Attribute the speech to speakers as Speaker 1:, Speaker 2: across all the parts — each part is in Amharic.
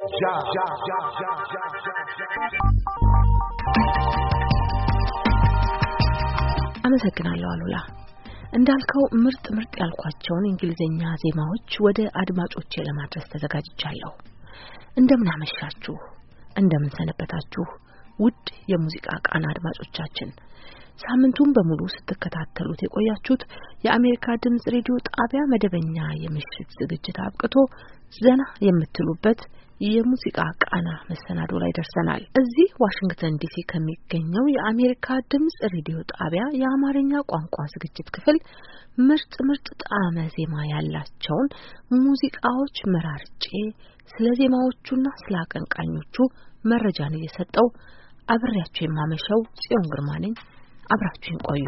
Speaker 1: job. job, job, job, job, job, job.
Speaker 2: አመሰግናለሁ አሉላ። እንዳልከው ምርጥ ምርጥ ያልኳቸውን እንግሊዝኛ ዜማዎች ወደ አድማጮቼ ለማድረስ ተዘጋጅቻለሁ። እንደምን አመሻችሁ፣ እንደምን ሰነበታችሁ ውድ የሙዚቃ ቃና አድማጮቻችን። ሳምንቱን በሙሉ ስትከታተሉት የቆያችሁት የአሜሪካ ድምጽ ሬዲዮ ጣቢያ መደበኛ የምሽት ዝግጅት አብቅቶ ዘና የምትሉበት የሙዚቃ ቃና መሰናዶ ላይ ደርሰናል። እዚህ ዋሽንግተን ዲሲ ከሚገኘው የአሜሪካ ድምጽ ሬዲዮ ጣቢያ የአማርኛ ቋንቋ ዝግጅት ክፍል ምርጥ ምርጥ ጣዕመ ዜማ ያላቸውን ሙዚቃዎች መራርጬ ስለ ዜማዎቹና ስለ አቀንቃኞቹ መረጃን እየሰጠው አብሬያቸው የማመሻው ጽዮን ግርማ ነኝ። አብራችሁን ቆዩ።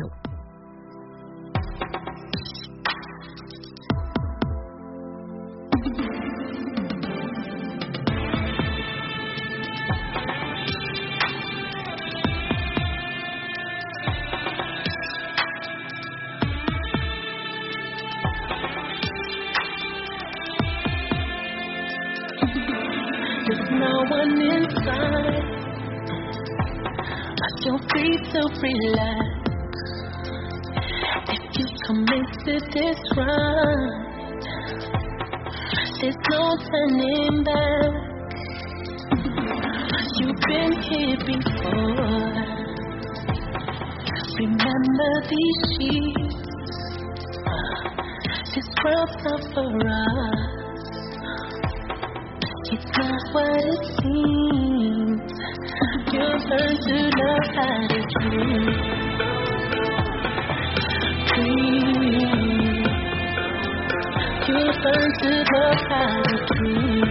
Speaker 3: difference is a kind of tree.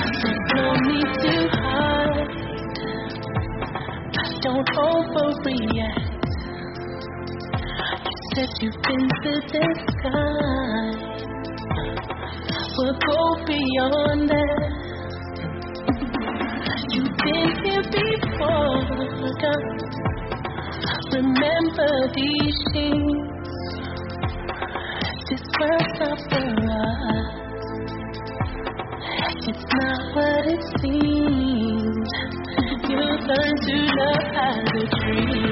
Speaker 3: There's no need to hide. Don't overreact. You said you've been to the sky. We'll go beyond that. You've been here before, girl. Remember these sheets. This world's not for us. It's not what it seems. You learn to love how to dream.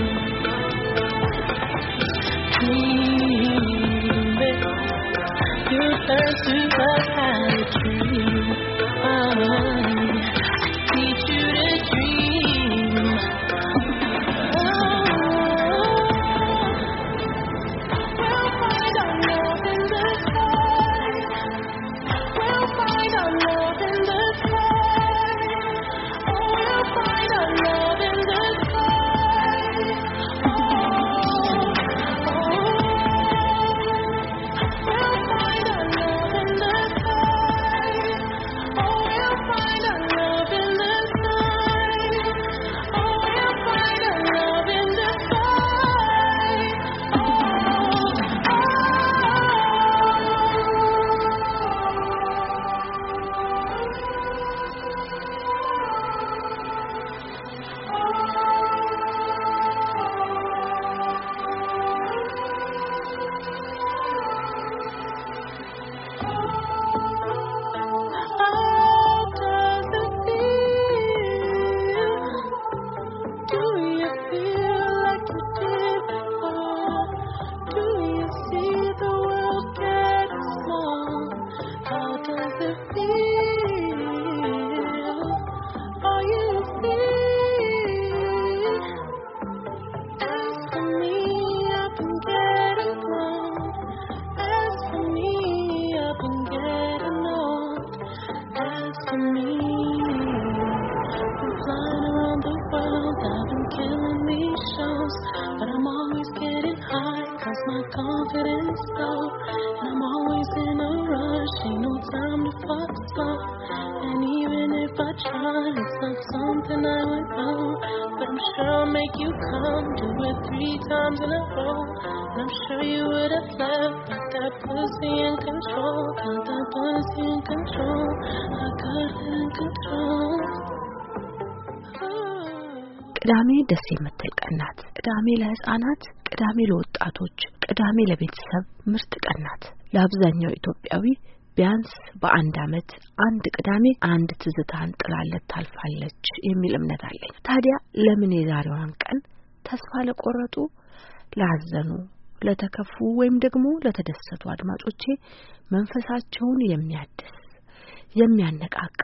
Speaker 2: ቅዳሜ ደስ የምትል ቀን ናት። ቅዳሜ ለህፃናት ቅዳሜ ለወጣቶች፣ ቅዳሜ ለቤተሰብ ምርጥ ቀን ናት። ለአብዛኛው ኢትዮጵያዊ ቢያንስ በአንድ አመት አንድ ቅዳሜ አንድ ትዝታን ጥላለት ታልፋለች የሚል እምነት አለኝ። ታዲያ ለምን የዛሬዋን ቀን ተስፋ ለቆረጡ፣ ላዘኑ፣ ለተከፉ ወይም ደግሞ ለተደሰቱ አድማጮቼ መንፈሳቸውን የሚያድስ የሚያነቃቃ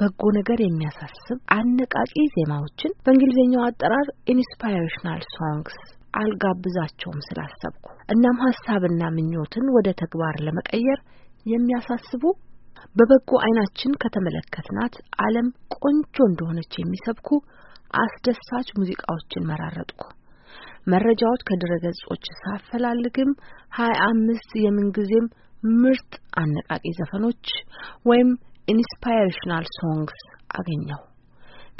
Speaker 2: በጎ ነገር የሚያሳስብ አነቃቂ ዜማዎችን በእንግሊዝኛው አጠራር ኢንስፓይሬሽናል ሶንግስ አልጋብዛቸውም ስላሰብኩ። እናም ሀሳብና ምኞትን ወደ ተግባር ለመቀየር የሚያሳስቡ በበጎ አይናችን ከተመለከትናት ዓለም ቆንጆ እንደሆነች የሚሰብኩ አስደሳች ሙዚቃዎችን መራረጥኩ። መረጃዎች ከድረገጾች ሳፈላልግም ሀያ አምስት የምንጊዜም ምርጥ አነቃቂ ዘፈኖች ወይም ኢንስፓይሬሽናል ሶንግስ አገኘው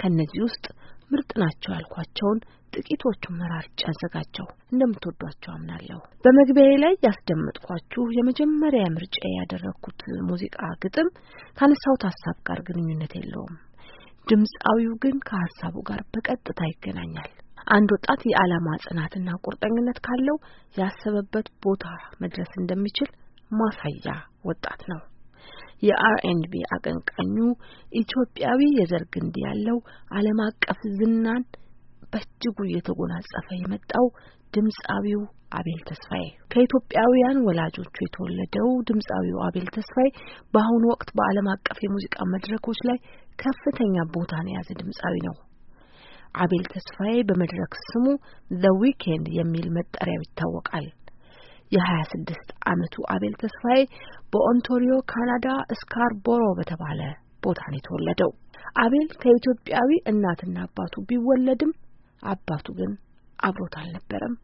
Speaker 2: ከእነዚህ ውስጥ ምርጥ ናቸው ያልኳቸውን ጥቂቶቹን መራርጬ አዘጋጀሁ። እንደምትወዷቸው አምናለሁ። በመግቢያዬ ላይ ያስደመጥኳችሁ የመጀመሪያ ምርጫ ያደረግኩት ሙዚቃ ግጥም ካነሳሁት ሀሳብ ጋር ግንኙነት የለውም። ድምፃዊው ግን ከሀሳቡ ጋር በቀጥታ ይገናኛል። አንድ ወጣት የዓላማ ጽናትና ቁርጠኝነት ካለው ያሰበበት ቦታ መድረስ እንደሚችል ማሳያ ወጣት ነው። የአርኤንቢ አቀንቃኙ ኢትዮጵያዊ የዘር ግንድ ያለው ዓለም አቀፍ ዝናን በእጅጉ እየተጎናጸፈ የመጣው ድምፃዊው አቤል ተስፋዬ ከኢትዮጵያውያን ወላጆቹ የተወለደው ድምፃዊው አቤል ተስፋዬ በአሁኑ ወቅት በዓለም አቀፍ የሙዚቃ መድረኮች ላይ ከፍተኛ ቦታን የያዘ ድምፃዊ ነው። አቤል ተስፋዬ በመድረክ ስሙ ዘ ዊኬንድ የሚል መጠሪያው ይታወቃል። የ26 ዓመቱ አቤል ተስፋዬ በኦንታሪዮ ካናዳ ስካርቦሮ በተባለ ቦታ ነው የተወለደው። አቤል ከኢትዮጵያዊ እናትና አባቱ ቢወለድም አባቱ ግን አብሮት አልነበረም፣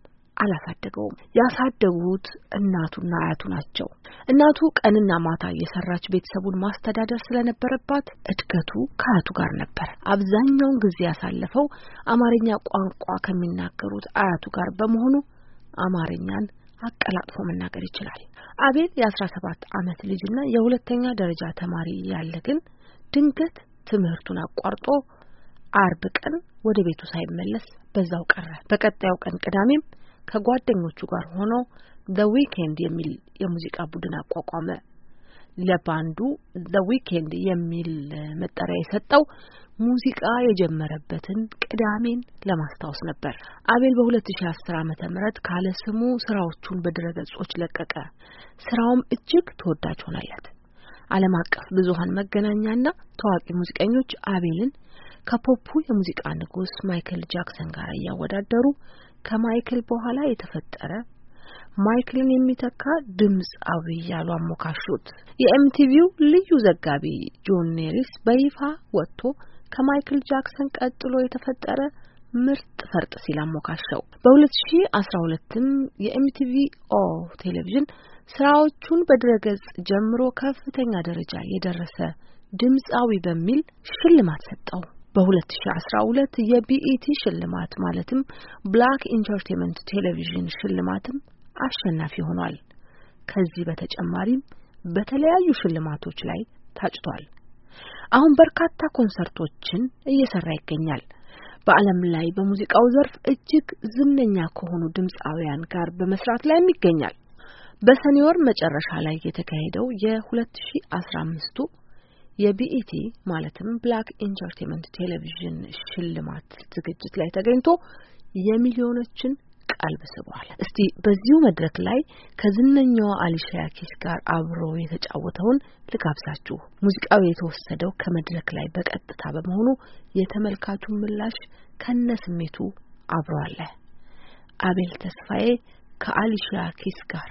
Speaker 2: አላሳደገውም። ያሳደጉት እናቱና አያቱ ናቸው። እናቱ ቀንና ማታ እየሰራች ቤተሰቡን ማስተዳደር ስለነበረባት እድገቱ ከአያቱ ጋር ነበር። አብዛኛውን ጊዜ ያሳለፈው አማርኛ ቋንቋ ከሚናገሩት አያቱ ጋር በመሆኑ አማርኛን አቀላጥፎ መናገር ይችላል። አቤል የአስራ ሰባት አመት ልጅና የሁለተኛ ደረጃ ተማሪ ያለ ግን ድንገት ትምህርቱን አቋርጦ አርብ ቀን ወደ ቤቱ ሳይመለስ በዛው ቀረ። በቀጣዩ ቀን ቅዳሜም ከጓደኞቹ ጋር ሆኖ ዘ ዊኬንድ የሚል የሙዚቃ ቡድን አቋቋመ። ለባንዱ ዘ ዊኬንድ የሚል መጠሪያ የሰጠው ሙዚቃ የጀመረበትን ቅዳሜን ለማስታወስ ነበር። አቤል በ2010 ዓ ም ካለ ስሙ ስራዎቹን በድረገጾች ለቀቀ። ስራውም እጅግ ተወዳጅ ሆናለት። ዓለም አቀፍ ብዙሀን መገናኛና ታዋቂ ሙዚቀኞች አቤልን ከፖፑ የሙዚቃ ንጉስ ማይክል ጃክሰን ጋር እያወዳደሩ ከማይክል በኋላ የተፈጠረ ማይክልን የሚተካ ድምፃዊ እያሉ አሞካሹት። የኤምቲቪው ልዩ ዘጋቢ ጆን ኔሪስ በይፋ ወጥቶ ከማይክል ጃክሰን ቀጥሎ የተፈጠረ ምርጥ ፈርጥ ሲል አሞካሸው። በ2012ም የኤምቲቪ ኦ ቴሌቪዥን ስራዎቹን በድረገጽ ጀምሮ ከፍተኛ ደረጃ የደረሰ ድምፃዊ በሚል ሽልማት ሰጠው። በ2012 የቢኢቲ ሽልማት ማለትም ብላክ ኢንተርቴንመንት ቴሌቪዥን ሽልማትም አሸናፊ ሆኗል። ከዚህ በተጨማሪም በተለያዩ ሽልማቶች ላይ ታጭቷል። አሁን በርካታ ኮንሰርቶችን እየሰራ ይገኛል። በዓለም ላይ በሙዚቃው ዘርፍ እጅግ ዝነኛ ከሆኑ ድምፃውያን ጋር በመስራት ላይም ይገኛል። በሰኔ ወር መጨረሻ ላይ የተካሄደው የ2015ቱ የቢኢቲ ማለትም ብላክ ኢንተርቴንመንት ቴሌቪዥን ሽልማት ዝግጅት ላይ ተገኝቶ የሚሊዮኖችን ቃል በስበዋል። እስቲ በዚሁ መድረክ ላይ ከዝነኛዋ አሊሻያ ኪስ ጋር አብሮ የተጫወተውን ልጋብዛችሁ። ሙዚቃው የተወሰደው ከመድረክ ላይ በቀጥታ በመሆኑ የተመልካቹን ምላሽ ከነ ስሜቱ አብሮ አለ። አቤል ተስፋዬ ከአሊሻያ ኪስ ጋር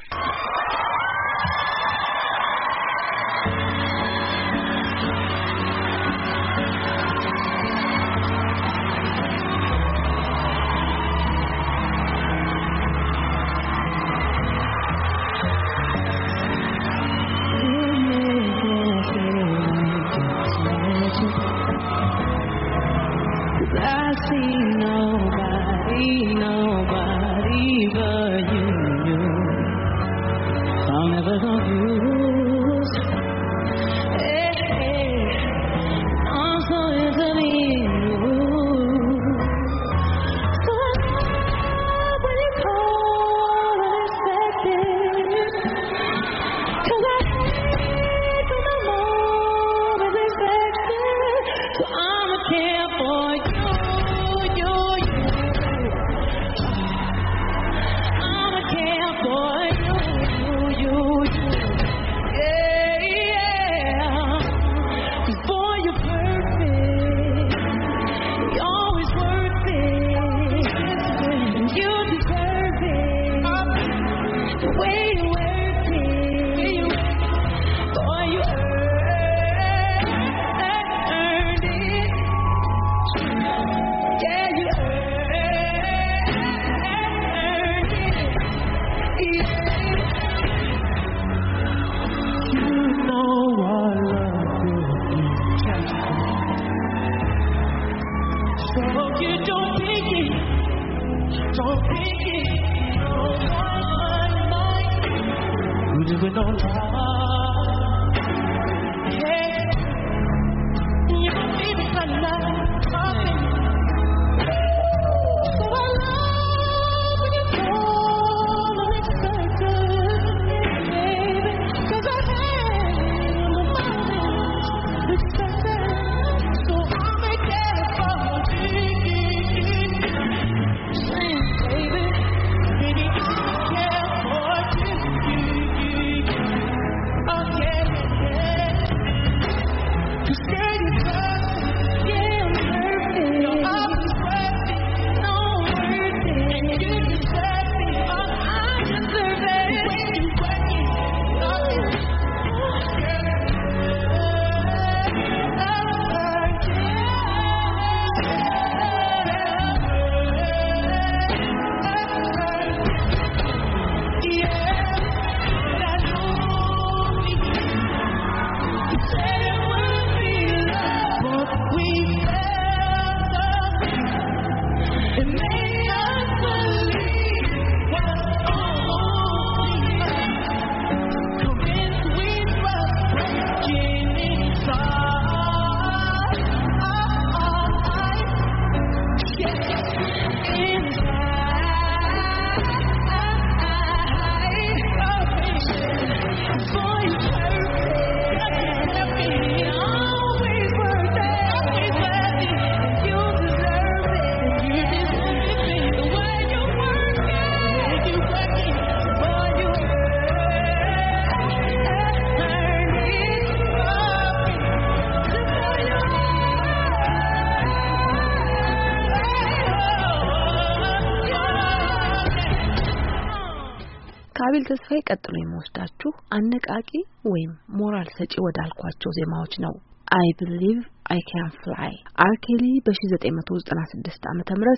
Speaker 2: ከተስፋዬ ቀጥሎ የሚወስዳችሁ አነቃቂ ወይም ሞራል ሰጪ ወዳልኳቸው ዜማዎች ነው። አይ ብሊቭ አይ ካን ፍላይ አርኬሊ በ1996 ዓ ም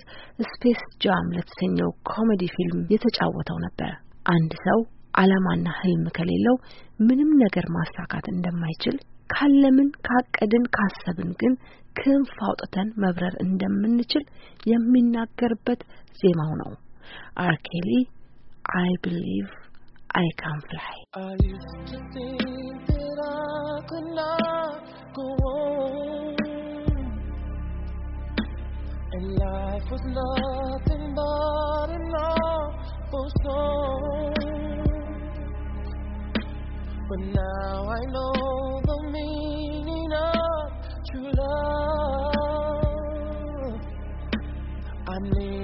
Speaker 2: ስፔስ ጃም ለተሰኘው ኮሜዲ ፊልም የተጫወተው ነበር። አንድ ሰው ዓላማና ህልም ከሌለው ምንም ነገር ማሳካት እንደማይችል ካለምን፣ ካቀድን፣ ካሰብን ግን ክንፍ አውጥተን መብረር እንደምንችል የሚናገርበት ዜማው ነው። አርኬሊ አይ ብሊቭ I Can Fly. I used to think that
Speaker 3: I could not go on, and life was nothing but an awful song. But now I know the meaning of true love. I'm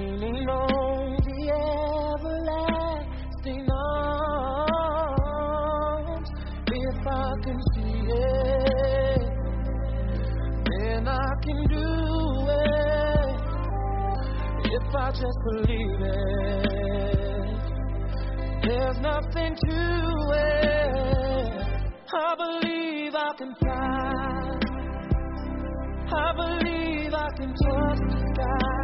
Speaker 3: I just believe it. There's nothing to it. I believe I can fly. I believe I can trust the sky.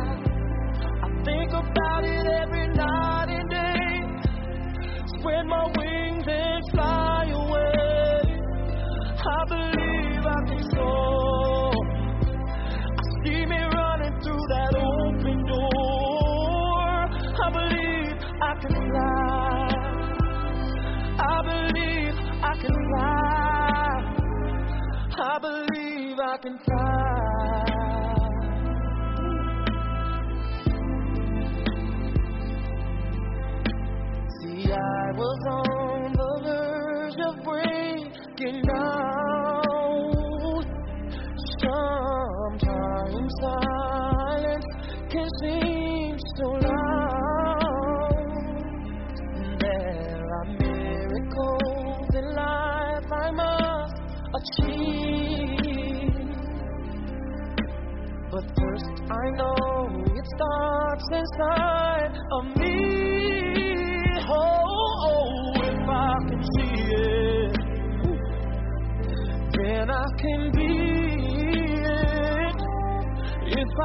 Speaker 3: Sometimes silence can seem so loud. There are miracles in life I must achieve. But first, I know it starts inside.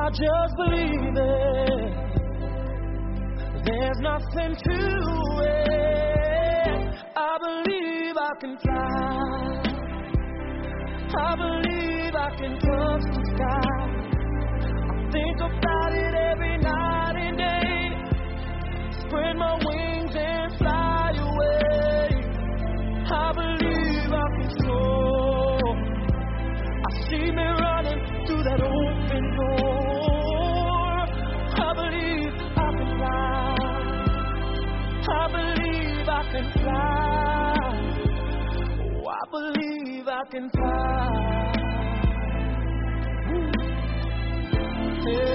Speaker 3: I just believe it. There's nothing to it. I believe I can fly. I believe I can touch the sky. I think about it every night and day. Spread my I can fly. Ooh. Yeah.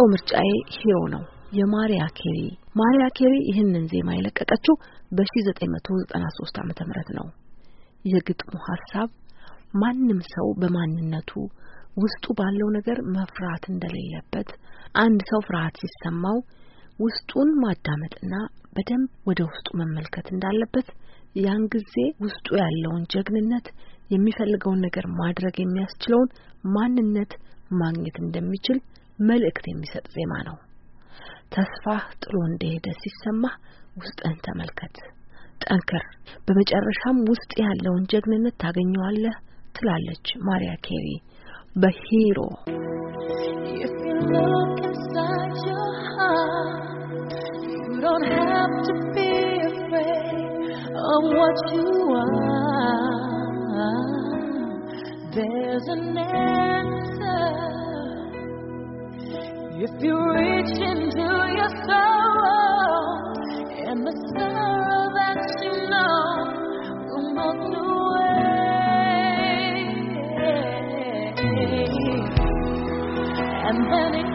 Speaker 2: ሌላው ምርጫዬ ሂሮ ነው የማሪያ ኬሪ። ማሪያ ኬሪ ይህንን ዜማ የለቀቀችው በ1993 ዓመተ ምህረት ነው። የግጥሙ ሐሳብ ማንም ሰው በማንነቱ ውስጡ ባለው ነገር መፍራት እንደሌለበት፣ አንድ ሰው ፍርሃት ሲሰማው ውስጡን ማዳመጥና በደንብ ወደ ውስጡ መመልከት እንዳለበት፣ ያን ጊዜ ውስጡ ያለውን ጀግንነት የሚፈልገውን ነገር ማድረግ የሚያስችለውን ማንነት ማግኘት እንደሚችል መልእክት የሚሰጥ ዜማ ነው። ተስፋህ ጥሎ እንደሄደ ሲሰማህ ውስጥን ተመልከት፣ ጠንክር፣ በመጨረሻም ውስጥ ያለውን ጀግንነት ታገኘዋለህ ትላለች ማሪያ ኬሪ በሂሮ
Speaker 3: There's an answer If you reach into your sorrow and the sorrow that you know will melt away, and then it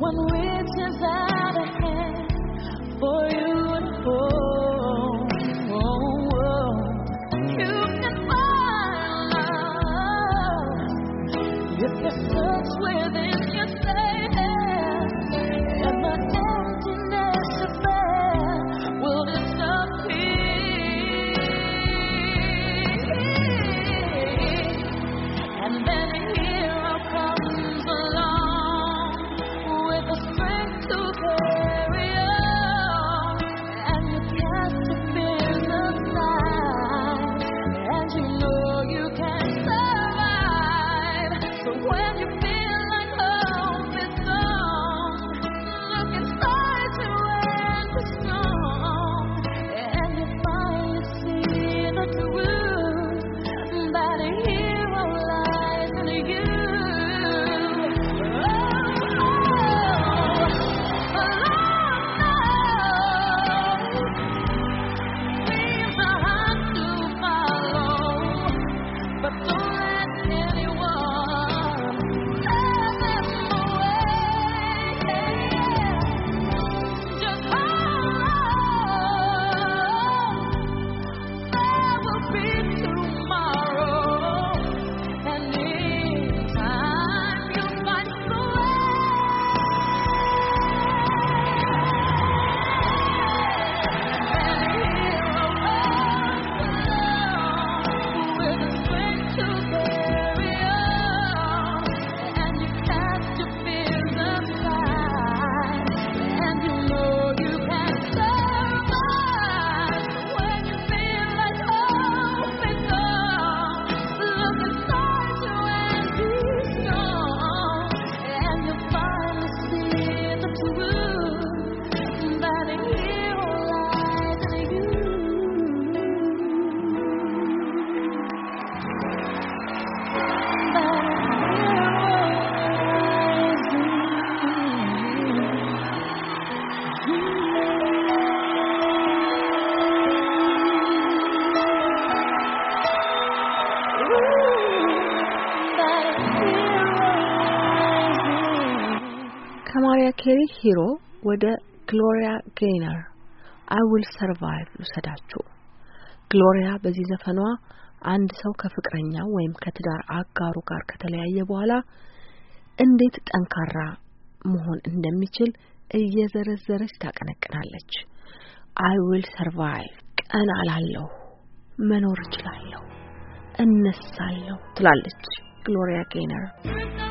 Speaker 3: one reaches out a hand for you.
Speaker 2: ሂሮ ወደ ግሎሪያ ጌይነር አይ ዊል ሰርቫይቭ ልውሰዳችሁ። ግሎሪያ በዚህ ዘፈኗ አንድ ሰው ከፍቅረኛው ወይም ከትዳር አጋሩ ጋር ከተለያየ በኋላ እንዴት ጠንካራ መሆን እንደሚችል እየዘረዘረች ታቀነቅናለች። አይ ዊል ሰርቫይቭ ቀን አላለሁ፣ መኖር እችላለሁ፣ እነሳለሁ ትላለች ግሎሪያ ጌይነር።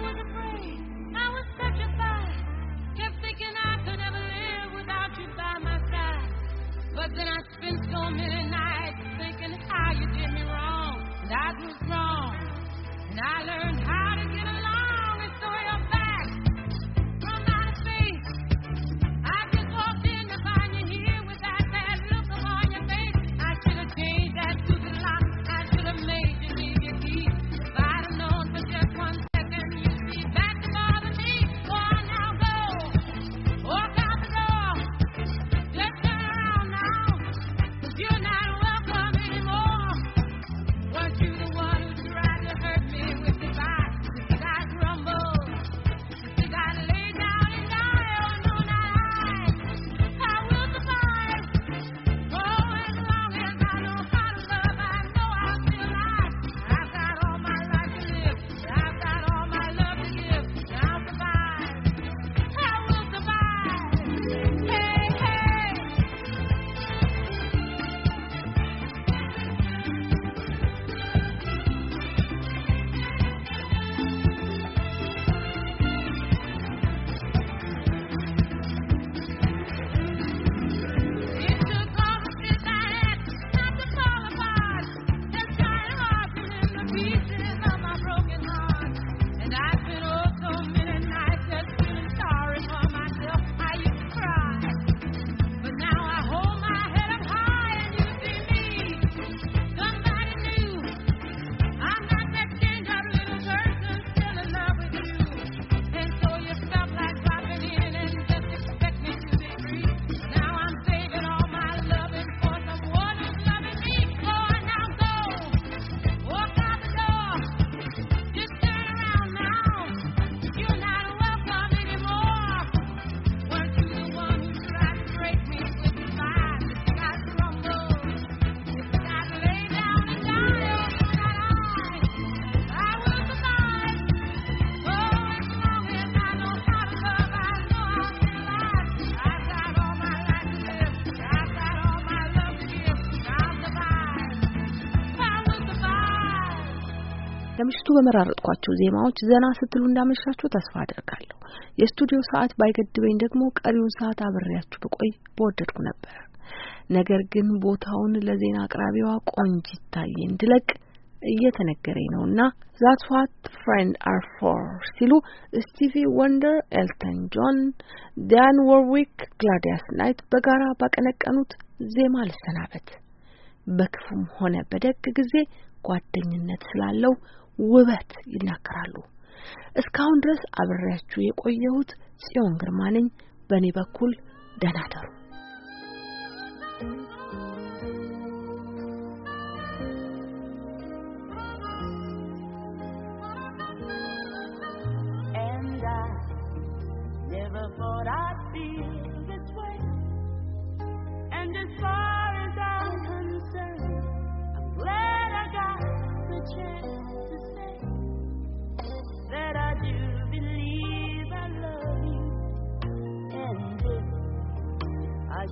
Speaker 2: በመራረጥኳቸው ዜማዎች ዘና ስትሉ እንዳመሻችሁ ተስፋ አደርጋለሁ። የስቱዲዮ ሰዓት ባይገድበኝ ደግሞ ቀሪውን ሰዓት አብሬያችሁ በቆይ በወደድኩ ነበር። ነገር ግን ቦታውን ለዜና አቅራቢዋ ቆንጅ ታዬ እንድለቅ እየተነገረኝ ነውና ዛትስ ዋት ፍሬንድ አር ፎር ሲሉ ስቲቪ ወንደር፣ ኤልተን ጆን፣ ዲያን ወርዊክ፣ ግላዲያስ ናይት በጋራ ባቀነቀኑት ዜማ ልሰናበት። በክፉም ሆነ በደግ ጊዜ ጓደኝነት ስላለው ውበት ይናገራሉ። እስካሁን ድረስ አብሬያችሁ የቆየሁት ጽዮን ግርማ ነኝ። በእኔ በኩል ደህና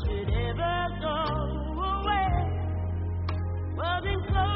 Speaker 3: should ever go away. Wasn't close.